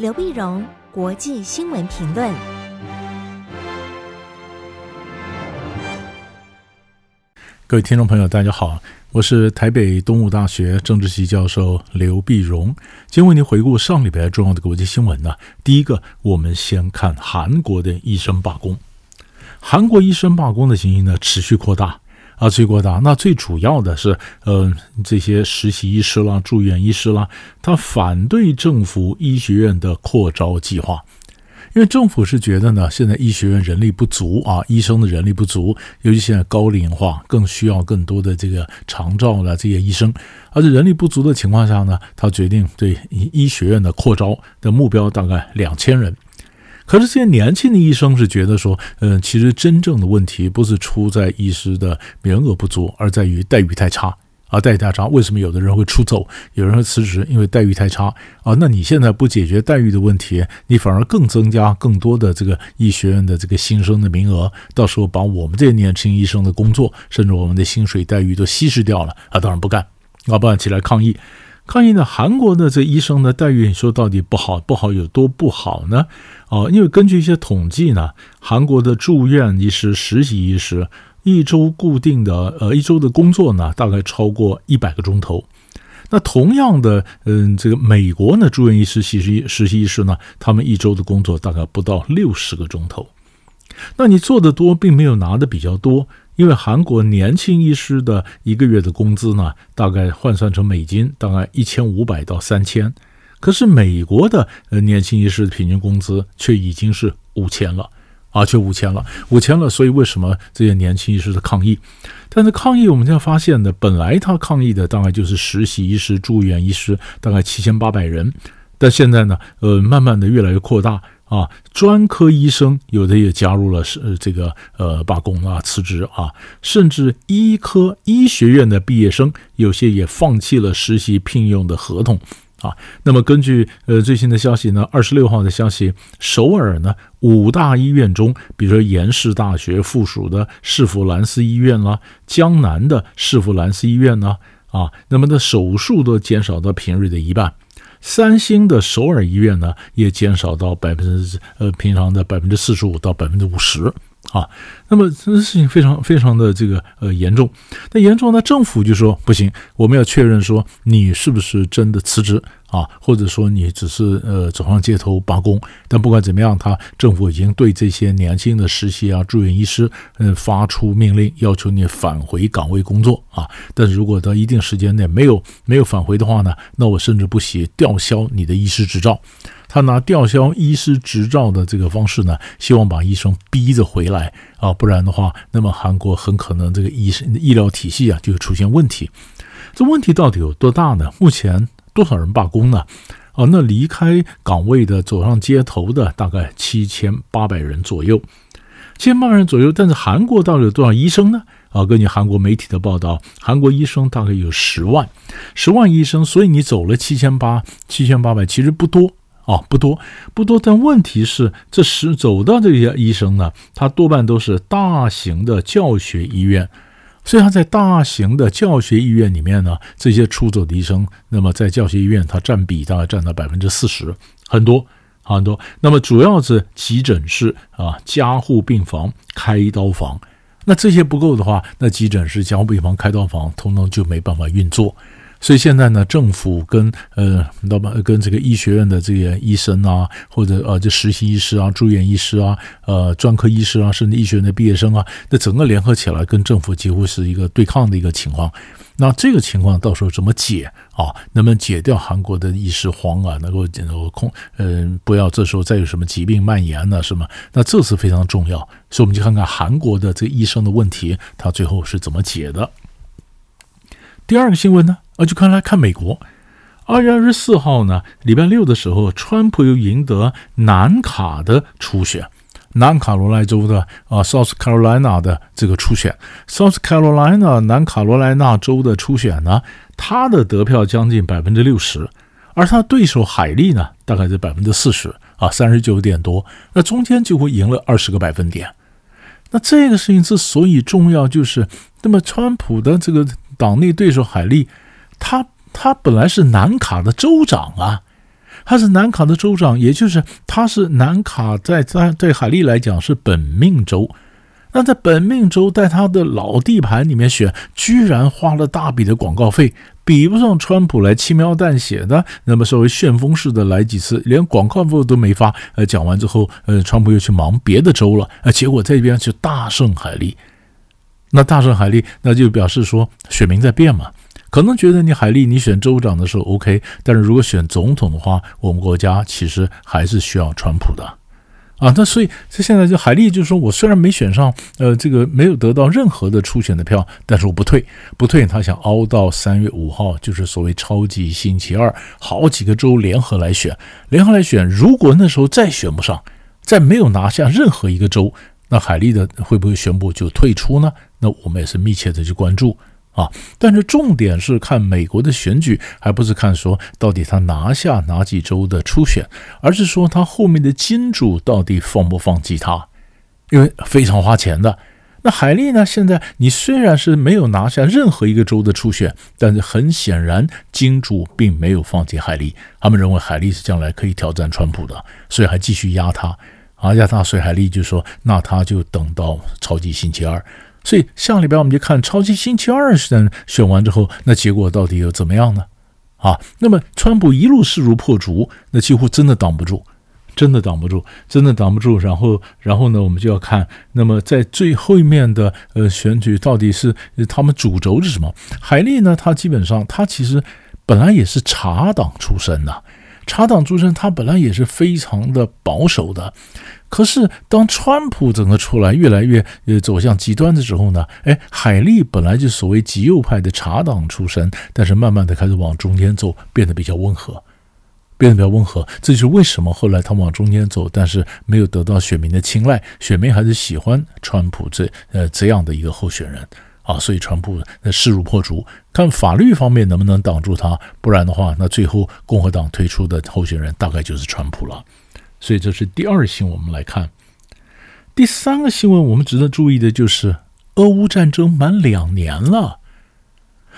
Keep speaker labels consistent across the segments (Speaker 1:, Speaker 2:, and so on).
Speaker 1: 劉必榮國際新聞評論。各位聽眾朋友，大家好，我是台北東吳大學政治系教授劉必榮，今天為您回顧上禮拜重要的國際新聞呢。第一個，我們先看韓國的醫生罷工。韓國醫生罷工的情形呢，持續擴大。啊，罪過大！那最主要的是，嗯、呃，這些實習醫師啦、住院醫師啦，他反對政府醫學院的擴招計劃，因為政府是覺得呢，現在醫學院人力不足啊，醫生的人力不足，尤其現在高齡化，更需要更多的這個長照的這些醫生。而且人力不足的情況下呢，他決定對醫學院的擴招的目標大概兩千人。可是這些年輕的醫生是覺得說，嗯，其實真正的問題不是出在醫師的名額不足，而在於待遇太差啊，待遇太差。為什麼有的人會出走？有人會辭職，因為待遇太差啊。那你現在不解決待遇的問題，你反而更增加更多的這個醫學院的這個新生的名額，到時候把我們這些年輕醫生的工作，甚至我們的薪水待遇都稀釋掉了，他、啊、當然不幹，要、啊、不然起來抗議。抗議呢，韓國的這醫生呢待遇，你說到底不好不好有多不好呢？啊、呃，因為根據一些統計呢，韓國的住院醫師、實習醫師一周固定的呃一周的工作呢，大概超過一百個鐘頭。那同樣的，嗯，這個美國呢住院醫師、實習實習醫師呢，他們一周的工作大概不到六十個鐘頭。那你做的多，並沒有拿的比較多。因為韓國年輕醫師的一個月的工資呢，大概換算成美金，大概一千五百到三千。可是美國的呃年輕醫師的平均工資卻已經是五千了，啊，就五千了，五千了。所以為什麼這些年輕醫師的抗議？但是抗議，我們現在發現的，本來他抗議的大概就是實習醫師、住院醫師，大概七千八百人。但現在呢，呃，慢慢的越來越擴大。啊，專科醫生有的也加入了是、呃、這個呃罷工啊、辭職啊，甚至醫科醫學院的畢業生有些也放棄了實習聘用的合同啊。那麼根據呃最新的消息呢，二十六號的消息，首爾呢五大醫院中，比如說延世大學附屬的世福蘭斯醫院啦，江南的世福蘭斯醫院呢，啊，那麼的手術都減少到平日的一半。三星的首爾醫院呢，也減少到百分之呃平常的百分之四十五到百分之五十啊。那麼這個事情非常非常的這個呃嚴重。那嚴重呢，政府就說不行，我們要確認說你是不是真的辭職。啊，或者說你只是呃走上街頭罷工，但不管怎麼樣，他政府已經對這些年輕的實習啊、住院醫師，嗯、呃，發出命令，要求你返回崗位工作啊。但是如果到一定時間內沒有沒有返回的話呢，那我甚至不惜吊銷你的醫師執照。他拿吊銷醫師執照的這個方式呢，希望把醫生逼着回來啊，不然的話，那麼韓國很可能這個醫生醫療體系啊就會出現問題。這問題到底有多大呢？目前，多少人罷工呢？啊，那離開崗位的、走上街頭的大概七千八百人左右，七千八百人左右。但是韓國到底有多少醫生呢？啊，根據韓國媒體的報道，韓國醫生大概有十萬，十萬醫生。所以你走了七千八、七千八百，其實不多啊，不多，不多。但問題是，這時走到這些醫生呢，他多半都是大型的教學醫院。所以，像在大型的教學醫院裡面呢，這些出走的醫生，那麼在教學醫院，它占比大概占到百分之四十，很多，很多。那麼主要是急診室啊、加護病房、開刀房，那這些不夠的話，那急診室、加護病房、開刀房，通通就沒辦法運作。所以現在呢，政府跟呃，那麼跟這個醫學院的這些醫生啊，或者呃，這實習醫師啊、住院醫師啊、呃，專科醫師啊，甚至醫學院的畢業生啊，那整個聯合起來跟政府幾乎是一個對抗的一個情況。那這個情況到時候怎麼解啊？能不能解掉韓國的醫師荒啊？能夠能控，嗯、呃，不要這時候再有什麼疾病蔓延呢、啊？什麼？那這是非常重要。所以我們就看看韓國的這個醫生的問題，他最後是怎麼解的？第二個新聞呢？啊，就看來看美國，二月二十四號呢，禮拜六的時候，川普又贏得南卡的初選，南卡羅來州的啊，South Carolina 的這個初選，South Carolina 南卡羅來納州的初選呢，他的得票將近百分之六十，而他對手海利呢，大概是百分之四十啊，三十九點多，那中間就會贏了二十個百分點。那這個事情之所以重要，就是那麼川普的這個黨內對手海利。他他本來是南卡的州長啊，他是南卡的州長，也就是他是南卡，在在對海利來講是本命州。那在本命州，在他的老地盤裡面選，居然花了大筆的廣告費，比不上川普來輕描淡寫的，那麼稍微旋風式的來幾次，連廣告費都沒發。呃，講完之後，呃，川普又去忙別的州了啊，呃。結果這邊是大勝海利，那大勝海利，那就表示說選民在變嘛。可能覺得你海利你選州長的時候 OK，但是如果選總統的話，我們國家其實還是需要川普的啊。那所以，這現在就海利，就是說我雖然沒選上，呃，這個沒有得到任何的初選的票，但是我不退，不退，他想熬到三月五號，就是所謂超級星期二，好幾個州聯合來選，聯合來選。如果那時候再選不上，再沒有拿下任何一個州，那海利的會不會宣布就退出呢？那我們也是密切的去關注。啊！但是重點是看美國的選舉，還不是看說到底他拿下哪幾州的初選，而是說他後面的金主到底放不放棄他，因為非常花錢的。那海利呢？現在你雖然是沒有拿下任何一個州的初選，但是很顯然金主並沒有放棄海利，他們認為海利是將來可以挑戰川普的，所以還繼續壓他，啊壓他，所以海利就說，那他就等到超級星期二。所以，下禮拜我們就看《超級星期二》選選完之後，那結果到底又怎麼樣呢？啊，那麼川普一路勢如破竹，那幾乎真的擋不住，真的擋不住，真的擋不住。然後，然後呢，我們就要看，那麼在最後一面的呃選舉，到底是、呃、他們主軸是什麼？海利呢，他基本上，他其實本來也是茶黨出身吶，茶黨出身，他本來也是非常的保守的。可是，當川普整個出來越來越呃走向極端的時候呢，誒、哎，海利本來就所謂極右派的茶黨出身，但是慢慢的開始往中間走，變得比較溫和，變得比較溫和。這就是為什麼後來他往中間走，但是沒有得到選民的青睞，選民還是喜歡川普這呃這樣的一個候選人啊，所以川普勢如破竹，看法律方面能不能擋住他，不然的話，那最後共和黨推出的候選人大概就是川普了。所以這是第二個新聞。我們來看第三個新聞，我們值得注意的就是，俄烏戰爭滿兩年了，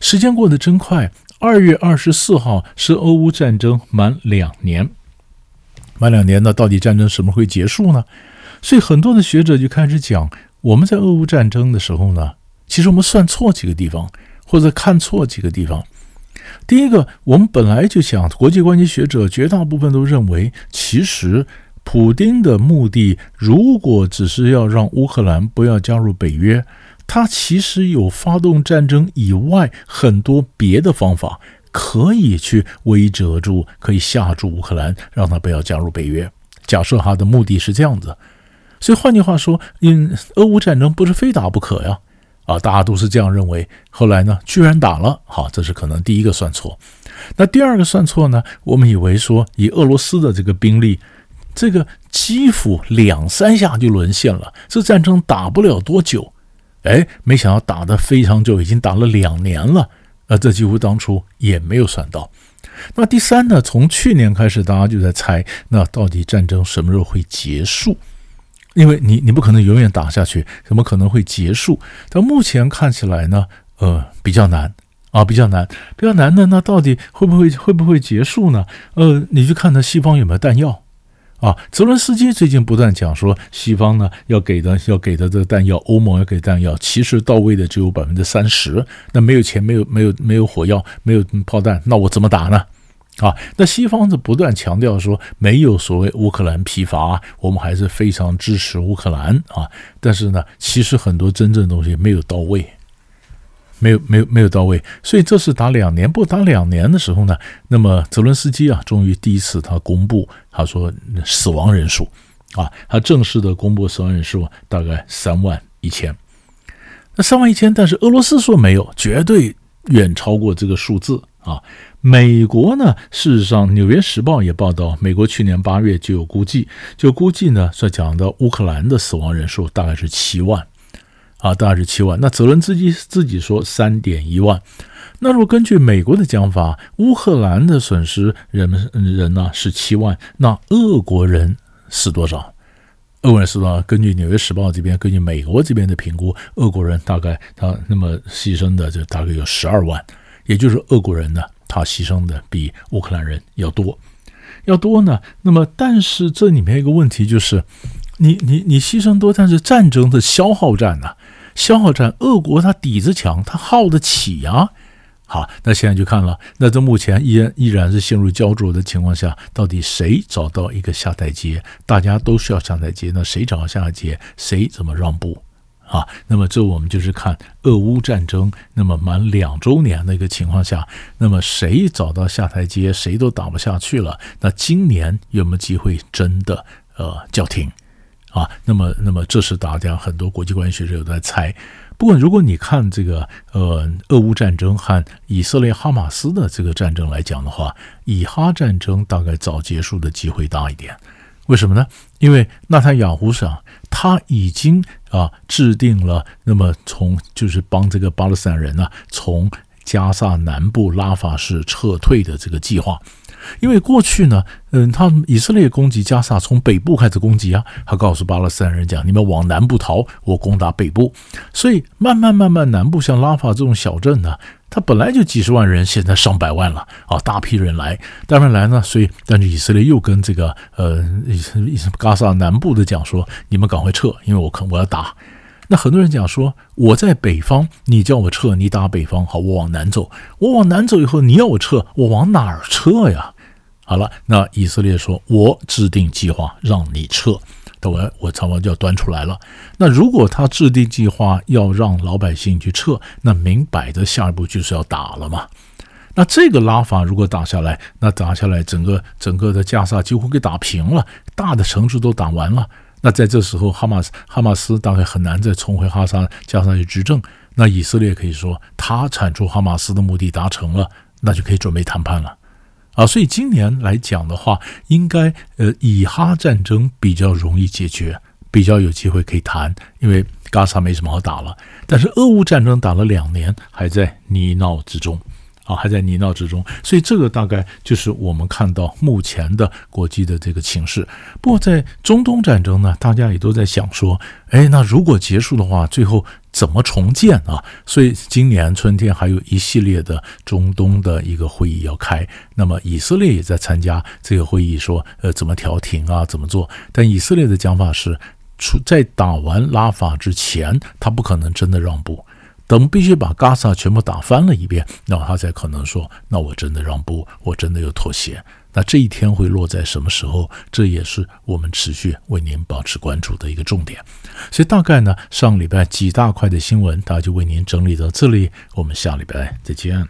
Speaker 1: 時間過得真快。二月二十四號是俄烏戰爭滿兩年，滿兩年呢，到底戰爭什麼會結束呢？所以很多的學者就開始講，我們在俄烏戰爭的時候呢，其實我們算錯幾個地方，或者看錯幾個地方。第一個，我們本來就想，國際關係學者絕大部分都認為，其實普丁的目的，如果只是要讓烏克蘭不要加入北約，他其實有發動戰爭以外很多別的方法可以去威懾住，可以嚇住烏克蘭，讓他不要加入北約。假設他的目的是這樣子，所以換句話說，嗯，俄烏戰爭不是非打不可呀。啊，大家都是這樣認為。後來呢，居然打了，好，這是可能第一個算錯。那第二個算錯呢？我們以為說以俄羅斯的這個兵力，這個基輔兩三下就淪陷了，這戰爭打不了多久。哎，沒想到打得非常久，已經打了兩年了。呃，這幾乎當初也沒有算到。那第三呢？從去年開始，大家就在猜，那到底戰爭什麼時候會結束？因為你，你不可能永遠打下去，怎麼可能會結束？但目前看起來呢，呃，比較難啊，比較難，比較難的。那到底會不會會不會結束呢？呃，你去看他西方有沒有彈藥啊。澤倫斯基最近不斷講說，西方呢要給的要給的這個彈藥，歐盟要給彈藥，其實到位的只有百分之三十。那沒有錢，沒有沒有沒有火藥，沒有炮彈，那我怎麼打呢？啊，那西方是不斷強調說沒有所謂烏克蘭疲乏，我們還是非常支持烏克蘭啊。但是呢，其實很多真正的東西沒有到位，沒有沒有沒有到位。所以這是打兩年不打兩年的時候呢，那麼澤倫斯基啊，終於第一次他公布，他說死亡人數啊，他正式的公布死亡人數大概三萬一千。那三萬一千，但是俄羅斯說沒有，絕對遠超過這個數字。啊，美國呢？事實上，《紐約時報》也報道，美國去年八月就有估計，就估計呢，所講到烏克蘭的死亡人數大概是七萬啊，大概是七萬。那澤倫斯基自己說三點一萬。那如果根據美國的講法，烏克蘭的損失人們人呢是七萬，那俄國人是多少？俄國人是多少？根據《紐約時報》這邊，根據美國這邊的評估，俄國人大概他那麼犧牲的就大概有十二萬。也就是俄國人呢，他犧牲的比烏克蘭人要多，要多呢。那麼，但是這裡面一個問題就是，你你你犧牲多，但是戰爭的消耗戰吶、啊，消耗戰，俄國他底子強，他耗得起呀、啊。好，那現在就看了，那在目前依然依然是陷入膠著的情況下，到底誰找到一個下台階？大家都需要下台階，那誰找到下台階，誰怎麼讓步？啊，那麼這我們就是看俄烏戰爭，那麼滿兩周年的一個情況下，那麼誰找到下台階，誰都打不下去了。那今年有沒有機會真的呃叫停？啊，那麼那麼這是大家很多國際關係學者都在猜。不過如果你看這個呃俄烏戰爭和以色列哈馬斯的這個戰爭來講的話，以哈戰爭大概早結束的機會大一點。為什麼呢？因為納坦雅胡上他已經。啊，制定了那麼從就是幫這個巴勒斯坦人呢、啊，從加薩南部拉法市撤退的這個計劃，因為過去呢，嗯，他以色列攻擊加薩，從北部開始攻擊啊，他告訴巴勒斯坦人講，你們往南部逃，我攻打北部，所以慢慢慢慢南部像拉法這種小鎮呢、啊。他本來就幾十萬人，現在上百萬了啊！大批人來，當然來呢。所以，但是以色列又跟這個呃以以加薩南部的講說：“你們趕快撤，因為我肯我要打。”那很多人講說：“我在北方，你叫我撤，你打北方好，我往南走。我往南走以後，你要我撤，我往哪兒撤呀？”好了，那以色列說：“我制定計劃讓你撤。”我我早晚就要端出來了。那如果他制定計劃要讓老百姓去撤，那明擺着下一步就是要打了嘛。那這個拉法如果打下來，那打下來整個整個的加沙幾乎給打平了，大的城市都打完了。那在這時候，哈馬斯哈馬斯大概很難再重回哈薩加沙去執政。那以色列可以說，他鏟除哈馬斯的目的達成了，那就可以準備談判了。啊，所以今年來講的話，應該呃，以哈戰爭比較容易解決，比較有機會可以談，因為加薩沒什麼好打了。但是俄烏戰爭打了兩年，還在泥淖之中，啊，還在泥淖之中。所以這個大概就是我們看到目前的國際的這個情勢。不過在中東戰爭呢，大家也都在想說，誒、哎，那如果結束的話，最後。怎麼重建啊？所以今年春天還有一系列的中東的一個會議要開，那麼以色列也在參加這個會議說，說呃怎麼調停啊，怎麼做？但以色列的講法是，出在打完拉法之前，他不可能真的讓步，等必須把加薩全部打翻了一遍，那他才可能說，那我真的讓步，我真的要妥協。那這一天會落在什麼時候？這也是我們持續為您保持關注的一個重點。所以大概呢，上禮拜幾大塊的新聞，大家就為您整理到這裡。我們下禮拜再見。